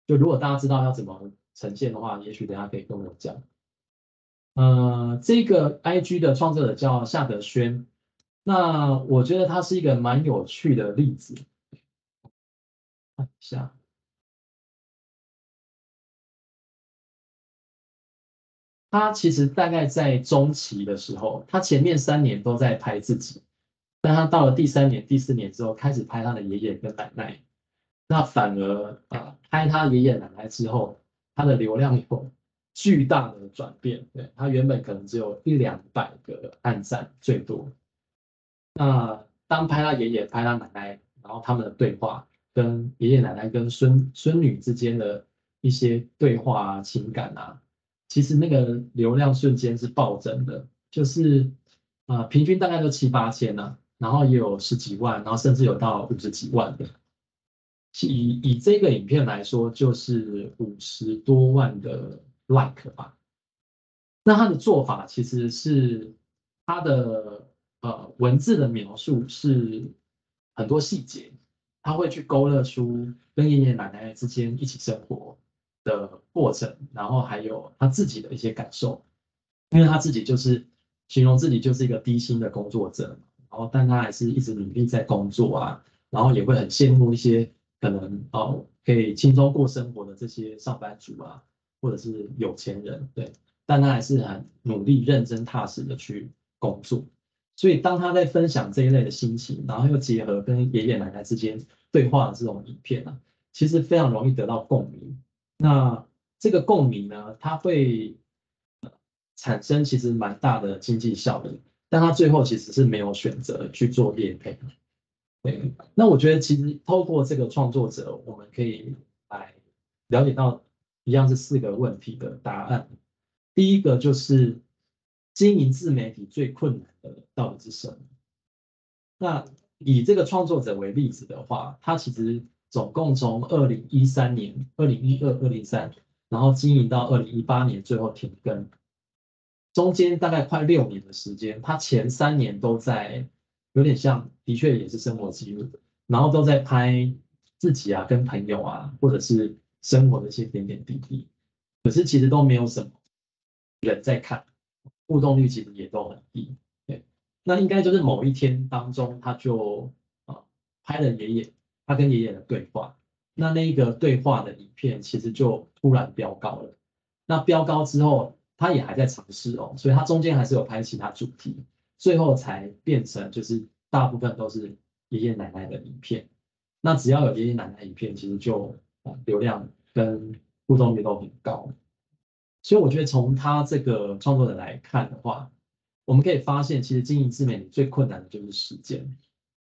就如果大家知道要怎麼呈現的話，也許等下可以跟我講。呃，這個 I G 的創作者叫夏德軒。那我覺得他是一個蠻有趣的例子，看一下，他其實大概在中期的時候，他前面三年都在拍自己，但他到了第三年、第四年之後，開始拍他的爺爺跟奶奶，那反而啊，拍他爺爺奶奶之後，他的流量有巨大的轉變，對，他原本可能只有一兩百個按贊，最多。那當拍他爺爺、拍他奶奶，然後他們的對話，跟爺爺奶奶跟孫孫女之間的一些對話、情感啊,其實那個流量瞬間是暴增的，就是啊、呃，平均大概都七八千吶、啊，然後也有十幾萬，然後甚至有到五十幾萬的。以以這個影片來說，就是五十多萬的 like 吧。那他的做法其實是他的。呃，文字的描述是很多細節，他會去勾勒出跟爺爺奶奶之間一起生活的過程，然後還有他自己的一些感受，因為他自己就是形容自己就是一個低薪的工作者，然後但他還是一直努力在工作啊，然後也會很羨慕一些可能哦、呃、可以輕鬆過生活的這些上班族啊，或者是有錢人，對，但他還是很努力、認真、踏實的去工作。所以，當他在分享這一類的心情，然後又結合跟爺爺奶奶之間對話的這種影片啊，其實非常容易得到共鳴。那這個共鳴呢，它會產生其實蠻大的經濟效益，但他最後其實是沒有選擇去做業配。對，那我覺得其實透過這個創作者，我們可以來了解到一樣是四個問題的答案。第一個就是。經營自媒體最困難的到底是什麼？那以這個創作者為例子的話，他其實總共從二零一三年、二零一二、二零三，然後經營到二零一八年最後停更，中間大概快六年的時間，他前三年都在有點像，的確也是生活記錄，然後都在拍自己啊、跟朋友啊，或者是生活的一些點點滴滴，可是其實都沒有什麼人在看。互動率其實也都很低，對，那應該就是某一天當中，他就啊拍了爺爺，他跟爺爺的對話，那那一個對話的影片其實就突然飆高了，那飆高之後，他也還在嘗試哦，所以他中間還是有拍其他主題，最後才變成就是大部分都是爺爺奶奶的影片，那只要有爺爺奶奶影片，其實就啊流量跟互動率都很高。所以我覺得從他這個創作者來看的話，我們可以發現，其實經營自媒體最困難的就是時間，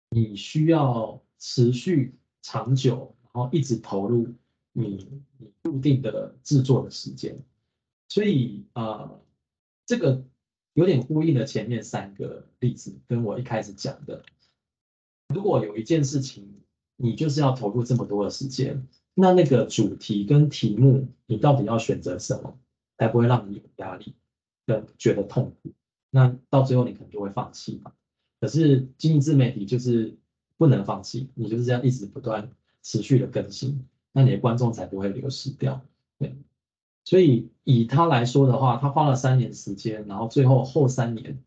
你需要持續長久，然後一直投入你，你固定的製作的時間。所以啊，呃，這個有點呼應了前面三個例子，跟我一開始講的，如果有一件事情你就是要投入這麼多的時間，那那個主題跟題目你到底要選擇什麼？才不會讓你有壓力，呃，覺得痛苦，那到最後你可能就會放棄吧。可是經營自媒體就是不能放棄，你就是這樣一直不斷持續的更新，那你的觀眾才不會流失掉。對，所以以他來說的話，他花了三年時間，然後最後後三年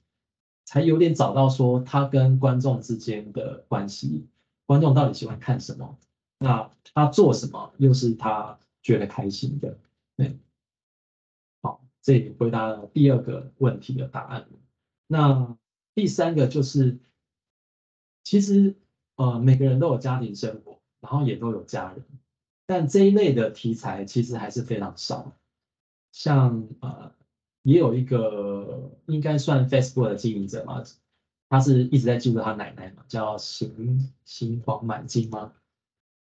才有點找到說他跟觀眾之間的關係，觀眾到底喜歡看什麼，那他做什麼又是他覺得開心的，對。這也回答了第二個問題的答案。那第三個就是，其實呃，每個人都有家庭生活，然後也都有家人，但這一類的題材其實還是非常少。像呃，也有一個應該算 Facebook 的經營者嘛，他是一直在記錄他奶奶嘛，叫行行黃滿金嗎？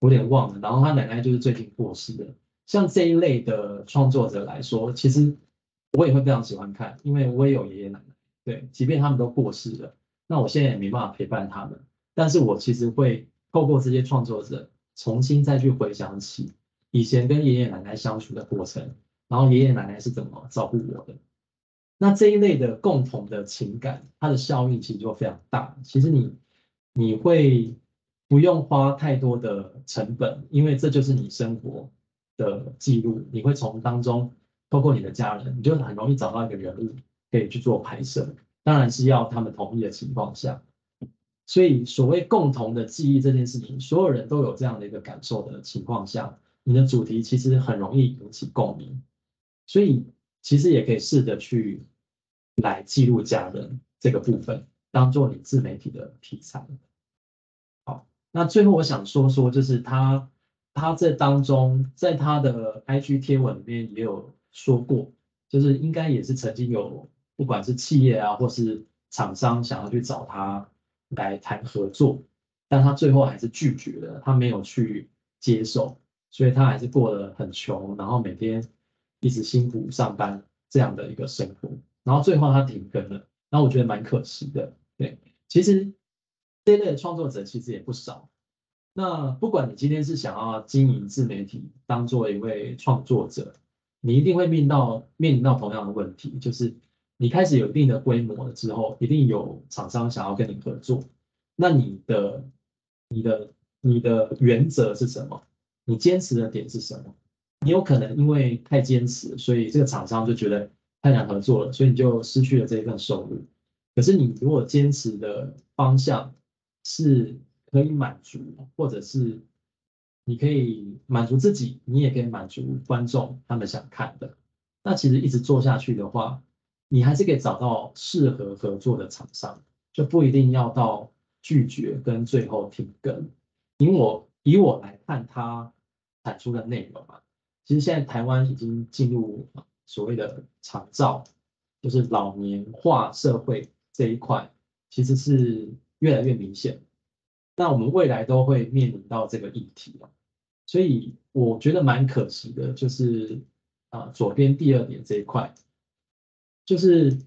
有點忘了。然後他奶奶就是最近過世的。像這一類的創作者來說，其實。我也會非常喜歡看，因為我也有爺爺奶奶。對，即便他們都過世了，那我現在也沒辦法陪伴他們。但是我其實會透過這些創作者，重新再去回想起以前跟爺爺奶奶相處的過程，然後爺爺奶奶是怎麼照顧我的。那這一類的共同的情感，它的效應其實就非常大。其實你你會不用花太多的成本，因為這就是你生活的記錄，你會從當中。包括你的家人，你就很容易找到一個人物可以去做拍攝，當然是要他們同意的情況下。所以所謂共同的記憶這件事情，所有人都有這樣的一個感受的情況下，你的主題其實很容易引起共鳴。所以其實也可以試着去來記錄家人這個部分，當做你自媒體的題材。好，那最後我想說說，就是他他這當中，在他的 IG 貼文裡面也有。說過，就是應該也是曾經有，不管是企業啊，或是廠商想要去找他來談合作，但他最後還是拒絕了，他沒有去接受，所以他還是過得很窮，然後每天一直辛苦上班這樣的一個生活，然後最後他停更了，那我覺得蠻可惜的。對，其實這一類的創作者其實也不少，那不管你今天是想要經營自媒體，當做一位創作者。你一定會面到面臨到同樣的問題，就是你開始有一定的規模了之後，一定有廠商想要跟你合作。那你的、你的、你的原則是什麼？你堅持的點是什麼？你有可能因為太堅持，所以這個廠商就覺得太難合作了，所以你就失去了這一份收入。可是你如果堅持的方向是可以滿足，或者是。你可以滿足自己，你也可以滿足觀眾他們想看的。那其實一直做下去的話，你還是可以找到適合合作的廠商，就不一定要到拒絕跟最後停更。以我以我來看，他產出的內容嘛，其實現在台灣已經進入所謂的長照，就是老年化社會這一塊，其實是越來越明顯。那我們未來都會面臨到這個議題了所以我覺得蠻可惜的，就是啊、呃，左邊第二點這一塊，就是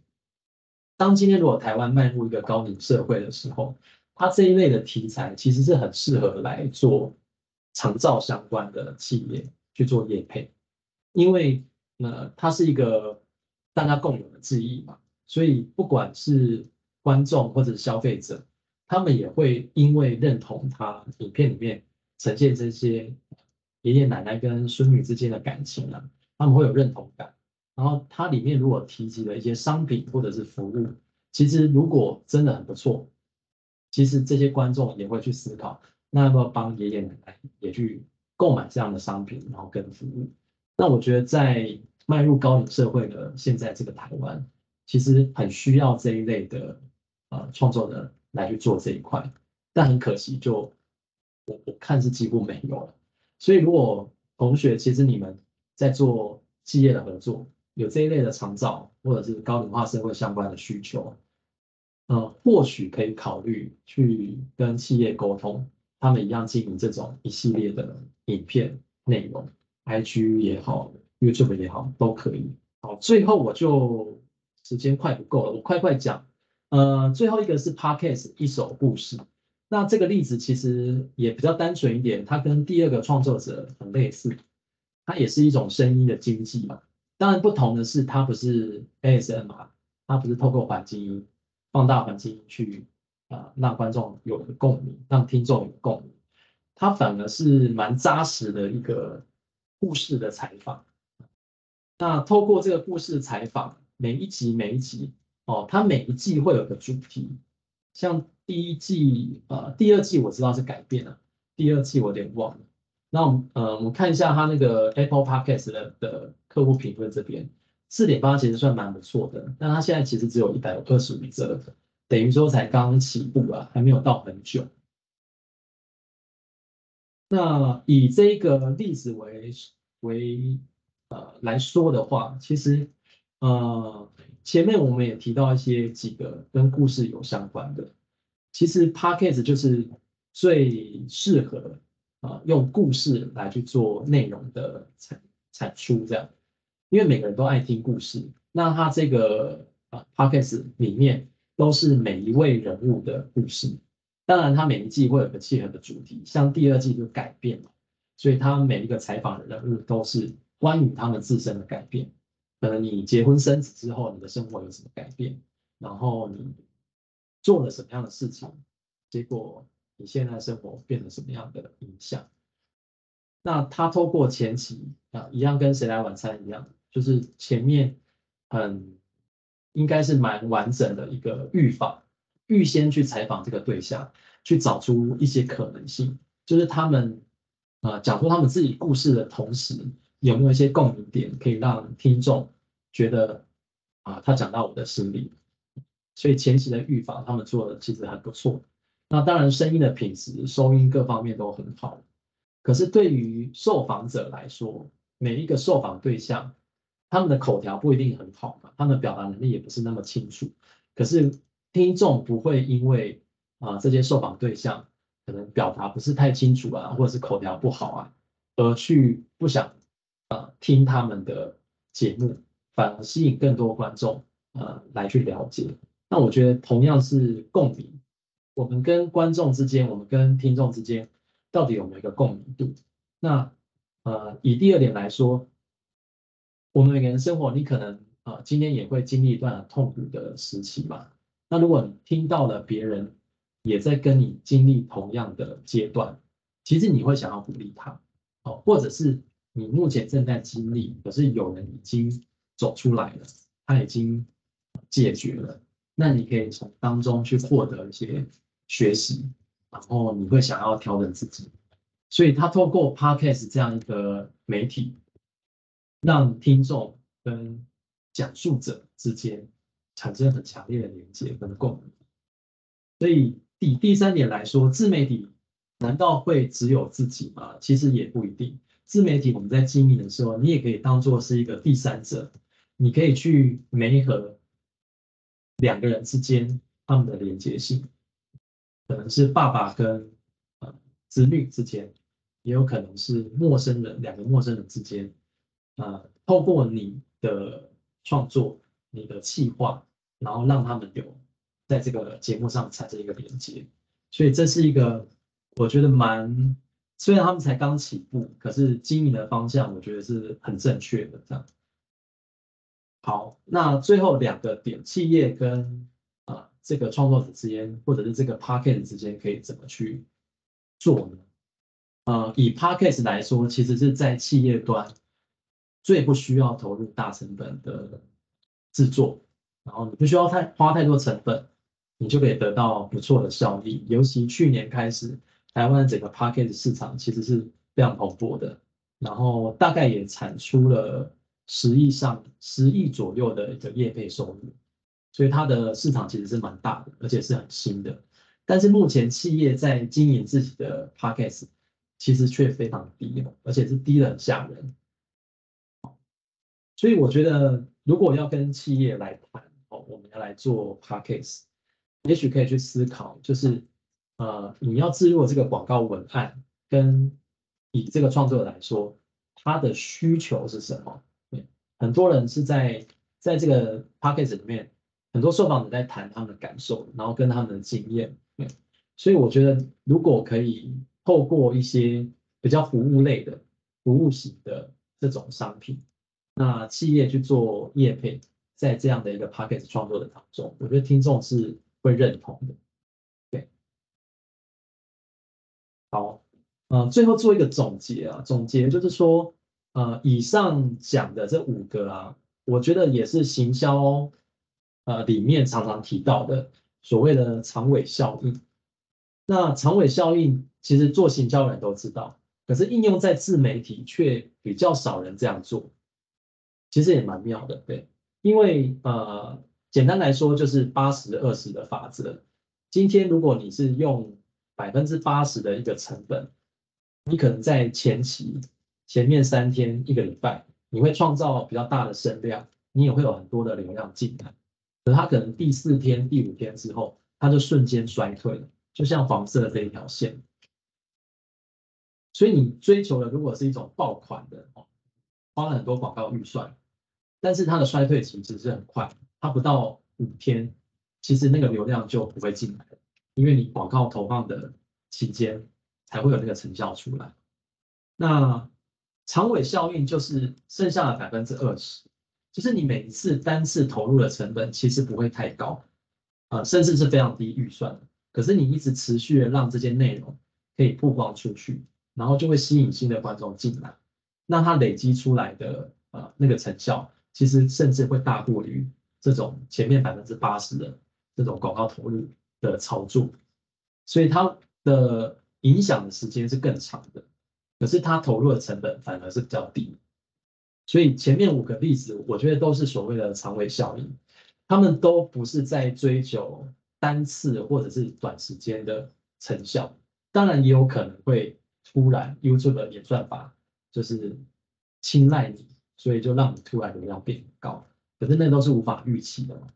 當今天如果台灣邁入一個高齡社會的時候，它這一類的題材其實是很適合來做長照相關的企業去做業配，因為那、呃、它是一個大家共有的記憶嘛，所以不管是觀眾或者是消費者，他們也會因為認同它影片裡面。呈現這些爺爺奶奶跟孫女之間的感情啊，他們會有認同感。然後它裡面如果提及了一些商品或者是服務，其實如果真的很不錯，其實這些觀眾也會去思考，那要不要幫爺爺奶奶也去購買這樣的商品，然後跟服務。那我覺得在邁入高齡社會的現在這個台灣，其實很需要這一類的呃、創作人來去做這一塊，但很可惜就。我我看是幾乎沒有了，所以如果同學，其實你們在做企業的合作，有這一類的長照或者是高齡化社會相關的需求，呃，或許可以考慮去跟企業溝通，他們一樣經營這種一系列的影片內容，IG 也好，YouTube 也好，都可以。好，最後我就時間快不夠了，我快快講。呃，最後一個是 Podcast Firstory。那這個例子其實也比較單純一點，它跟第二個創作者很類似，它也是一種聲音的經濟嘛。當然不同的是，它不是 ASMR，它不是透過環境放大環境去啊讓觀眾有個共鳴，讓聽眾有共鳴。它反而是蠻扎實的一個故事的採訪。那透過這個故事採訪，每一集每一集哦，它每一季會有個主題，像。第一季，呃，第二季我知道是改變了，第二季我有點忘了。那我們，呃，我們看一下它那個 Apple Podcast 的的客戶評分這邊，四點八其實算蠻不錯的。但它現在其實只有一百二十五折，等於說才剛起步啊，還沒有到很久。那以這個例子為為呃來說的話，其實呃前面我們也提到一些幾個跟故事有相關的。其實 Podcast 就是最適合啊用故事來去做內容的產出這樣，因為每個人都愛聽故事。那它這個啊 Podcast 裡面都是每一位人物的故事，當然它每一季會有個契合的主題，像第二季就改變了，所以他每一個採訪的人物都是關於他們自身的改變。可能你結婚生子之後，你的生活有什麼改變？然後你。做了什麼樣的事情？結果你現在生活變得什麼樣的影響？那他透過前期啊，一樣跟《誰來晚餐》一樣，就是前面很、嗯、應該是蠻完整的一個預訪，預先去採訪這個對象，去找出一些可能性，就是他們啊講出他們自己故事的同時，有沒有一些共鳴點，可以讓聽眾覺得啊，他講到我的心裡。所以前期的預防，他們做的其實很不錯。那當然，聲音的品質、收音各方面都很好。可是對於受訪者來說，每一個受訪對象，他們的口條不一定很好嘛，他們的表達能力也不是那麼清楚。可是聽眾不會因為啊這些受訪對象可能表達不是太清楚啊，或者是口條不好啊，而去不想啊聽他們的節目，反而吸引更多觀眾啊來去了解。那我覺得同樣是共鳴，我們跟觀眾之間，我們跟聽眾之間，到底有沒有一個共鳴度？那呃，以第二點來說，我們每個人生活，你可能呃今天也會經歷一段痛苦的時期嘛。那如果你聽到了別人也在跟你經歷同樣的階段，其實你會想要鼓勵他，哦、呃，或者是你目前正在經歷，可是有人已經走出來了，他已經解決了。那你可以從當中去獲得一些學習，然後你會想要調整自己，所以他透過 podcast 這樣一個媒體，讓聽眾跟講述者之間產生很強烈的連接跟共鳴。所以第第三點來說，自媒體難道會只有自己嗎？其實也不一定。自媒體我們在經營的時候，你也可以當做是一個第三者，你可以去媒合。兩個人之間他們的連接性，可能是爸爸跟呃子女之間，也有可能是陌生人，兩個陌生人之間，呃，透過你的創作、你的企劃，然後讓他們有在這個節目上產生一個連接，所以這是一個我覺得蠻雖然他們才剛起步，可是經營的方向我覺得是很正確的這樣。好，那最後兩個點，企業跟啊、呃、這個創作者之間，或者是這個 podcast 之間，可以怎麼去做呢？呃，以 podcast 來說，其實是在企業端最不需要投入大成本的制作，然後你不需要太花太多成本，你就可以得到不錯的效益。尤其去年開始，台灣整個 podcast 市場其實是非常蓬勃的，然後大概也產出了。十億上十億左右的一個業配收入，所以它的市場其實是蠻大的，而且是很新的。但是目前企業在經營自己的 podcast 其實卻非常低，而且是低的很嚇人。所以我覺得，如果要跟企業來談哦，我們要來做 podcast 也許可以去思考，就是呃，你要制作這個廣告文案，跟以這個創作者來說，他的需求是什麼？很多人是在在這個 podcast 裡面，很多受訪者在談他們的感受，然後跟他們的經驗。所以我覺得，如果可以透過一些比較服務類的、服務型的這種商品，那企業去做業配，在這樣的一個 podcast 創作的當中，我覺得聽眾是會認同的。對，好，嗯、呃，最後做一個總結啊，總結就是說。呃，以上講的這五個啊，我覺得也是行銷呃裡面常常提到的所謂的長尾效應。那長尾效應其實做行銷的人都知道，可是應用在自媒體卻比較少人這樣做，其實也蠻妙的，對。因為呃，簡單來說就是八十二十的法則。今天如果你是用百分之八十的一個成本，你可能在前期。前面三天一個禮拜，你會創造比較大的聲量，你也會有很多的流量進來。可是它可能第四天、第五天之後，它就瞬間衰退了，就像黃色的這一條線。所以你追求的如果是一種爆款的哦，花了很多廣告預算，但是它的衰退其實是很快，它不到五天，其實那個流量就不會進來。因為你廣告投放的期間才會有那個成效出來。那長尾效應就是剩下的百分之二十，就是你每一次單次投入的成本其實不會太高，啊、呃，甚至是非常低預算的。可是你一直持續的讓這些內容可以曝光出去，然後就會吸引新的觀眾進來，那它累積出來的啊、呃、那個成效，其實甚至會大過於這種前面百分之八十的這種廣告投入的操作，所以它的影響的時間是更長的。可是他投入的成本反而是比較低，所以前面五個例子，我覺得都是所謂的長尾效應，他們都不是在追求單次或者是短時間的成效。當然也有可能會突然 YouTube 的演算法就是青睞你，所以就讓你突然流量變高。可是那都是無法預期的嘛。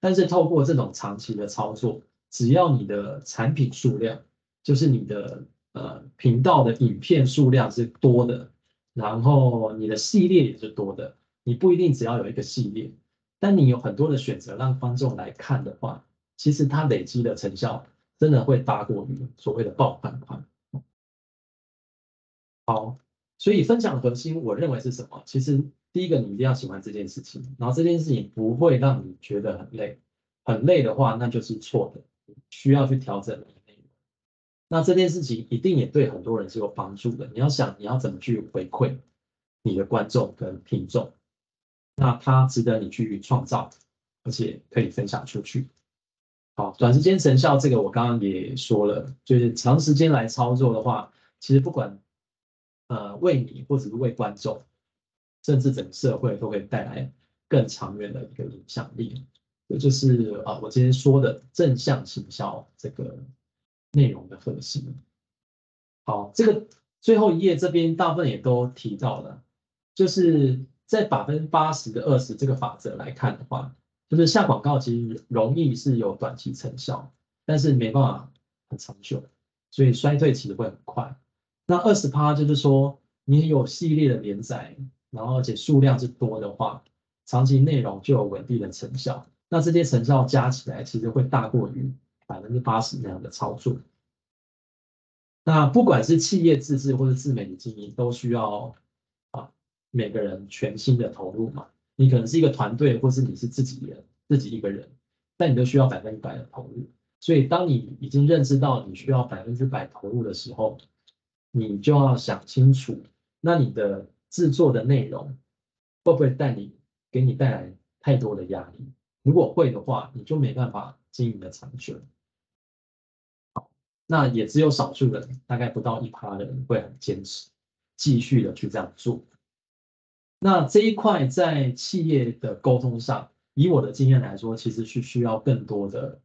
但是透過這種長期的操作，只要你的產品數量，就是你的。呃，頻道的影片數量是多的，然後你的系列也是多的，你不一定只要有一個系列，但你有很多的選擇讓觀眾來看的話，其實它累積的成效真的會大過於所謂的爆款款。好，所以分享的核心我認為是什麼？其實第一個你一定要喜歡這件事情，然後這件事情不會讓你覺得很累，很累的話那就是錯的，需要去調整。那這件事情一定也對很多人是有幫助的。你要想你要怎麼去回饋你的觀眾跟聽眾，那它值得你去創造，而且可以分享出去。好，短時間成效這個我剛剛也說了，就是長時間來操作的話，其實不管呃為你或者是為觀眾，甚至整個社會都會帶來更長遠的一個影響力。這就，就是啊我今天說的正向行銷這個。內容的核心，好，這個最後一頁這邊大部分也都提到了，就是在百分之八十的二十這個法則來看的話，就是下廣告其實容易是有短期成效，但是沒辦法很長久，所以衰退其實會很快。那二十趴就是說你有系列的連載，然後而且數量是多的話，長期內容就有穩定的成效，那這些成效加起來其實會大過於。百分之八十那樣的操作，那不管是企業自製或者自媒體經營，都需要啊每個人全心的投入嘛。你可能是一個團隊，或是你是自己人自己一個人，但你都需要百分之百的投入。所以，當你已經認識到你需要百分之百投入的時候，你就要想清楚，那你的製作的內容會不會帶你給你帶來太多的壓力？如果會的話，你就沒辦法經營的長久。那也只有少數人，大概不到一趴的人會很堅持，繼續的去這樣做。那這一塊在企業的溝通上，以我的經驗來說，其實是需要更多的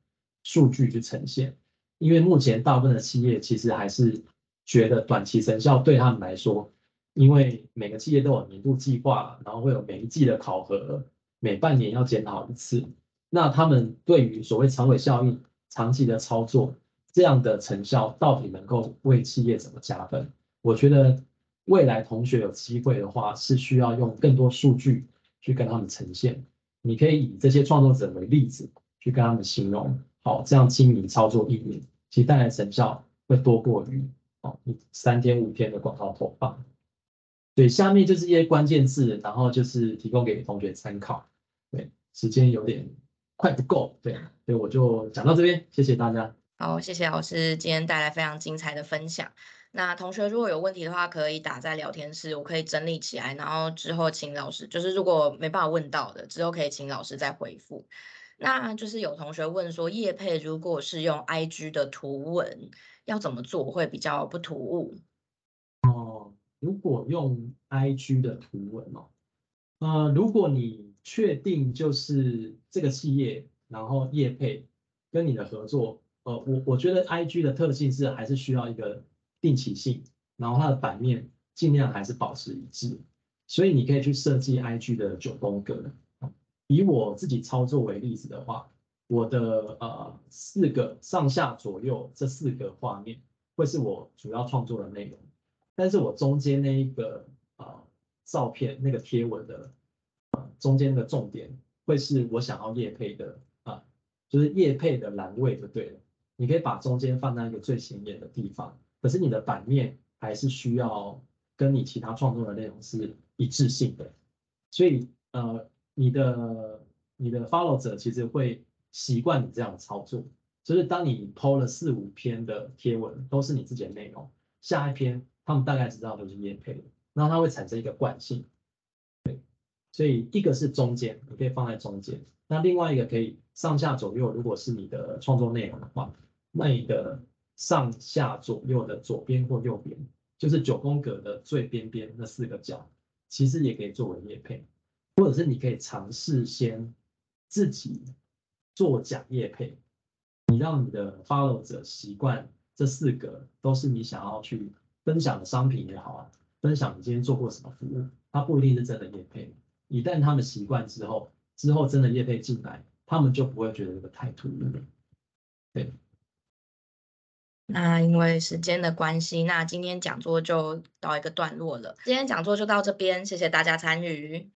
數據去呈現，因為目前大部分的企業其實還是覺得短期成效對他們來說，因為每個企業都有年度計劃，然後會有每一季的考核，每半年要檢討一次。那他們對於所謂長尾效應、長期的操作。這樣的成效到底能夠為企業怎麼加分？我覺得未來同學有機會的話，是需要用更多數據去跟他們呈現。你可以以這些創作者為例子，去跟他們形容，好、哦、這樣輕易操作、運營，其實帶來成效會多過於哦，你三天五天的廣告投放。對，下面就是一些關鍵字，然後就是提供給同學參考。對，時間有點快不夠，對，所以我就講到這邊，謝謝大家。好，謝謝老師今天帶來非常精彩的分享。那同學如果有問題的話，可以打在聊天室，我可以整理起來，然後之後請老師，就是如果沒辦法問到的，之後可以請老師再回復。那就是有同學問說，業配如果是用 IG 的圖文要怎麼做會比較不突兀？哦、呃，如果用 IG 的圖文哦，那、呃、如果你確定就是這個企業，然後業配跟你的合作。呃，我我覺得 IG 的特性是還是需要一個定期性，然後它的版面盡量還是保持一致，所以你可以去設計 IG 的九宮格。以我自己操作為例子的話，我的呃四個上下左右這四個畫面會是我主要創作的內容，但是我中間那一個啊、呃、照片那個貼文的、呃、中間的重點會是我想要業配的啊、呃，就是業配的欄位就對了。你可以把中間放在一個最顯眼的地方，可是你的版面還是需要跟你其他創作的內容是一致性的，所以呃，你的你的 follow 者其實會習慣你這樣操作，就是當你 Po 了四五篇的貼文都是你自己的內容，下一篇他們大概知道都是業配的，那它會產生一個慣性，對，所以一個是中間你可以放在中間，那另外一個可以上下左右，如果是你的創作內容的話。那你的上下左右的左邊或右邊，就是九宮格的最邊邊那四個角，其實也可以作為業配，或者是你可以嘗試先自己做假業配。你讓你的 follow 者習慣這四個都是你想要去分享的商品也好啊，分享你今天做過什麼服務，它不一定是真的業配。一旦他們習慣之後，之後真的業配進來，他們就不會覺得這個太突兀了，對。那因為時間的關係，那今天講座就到一個段落了。今天講座就到這邊，謝謝大家參與。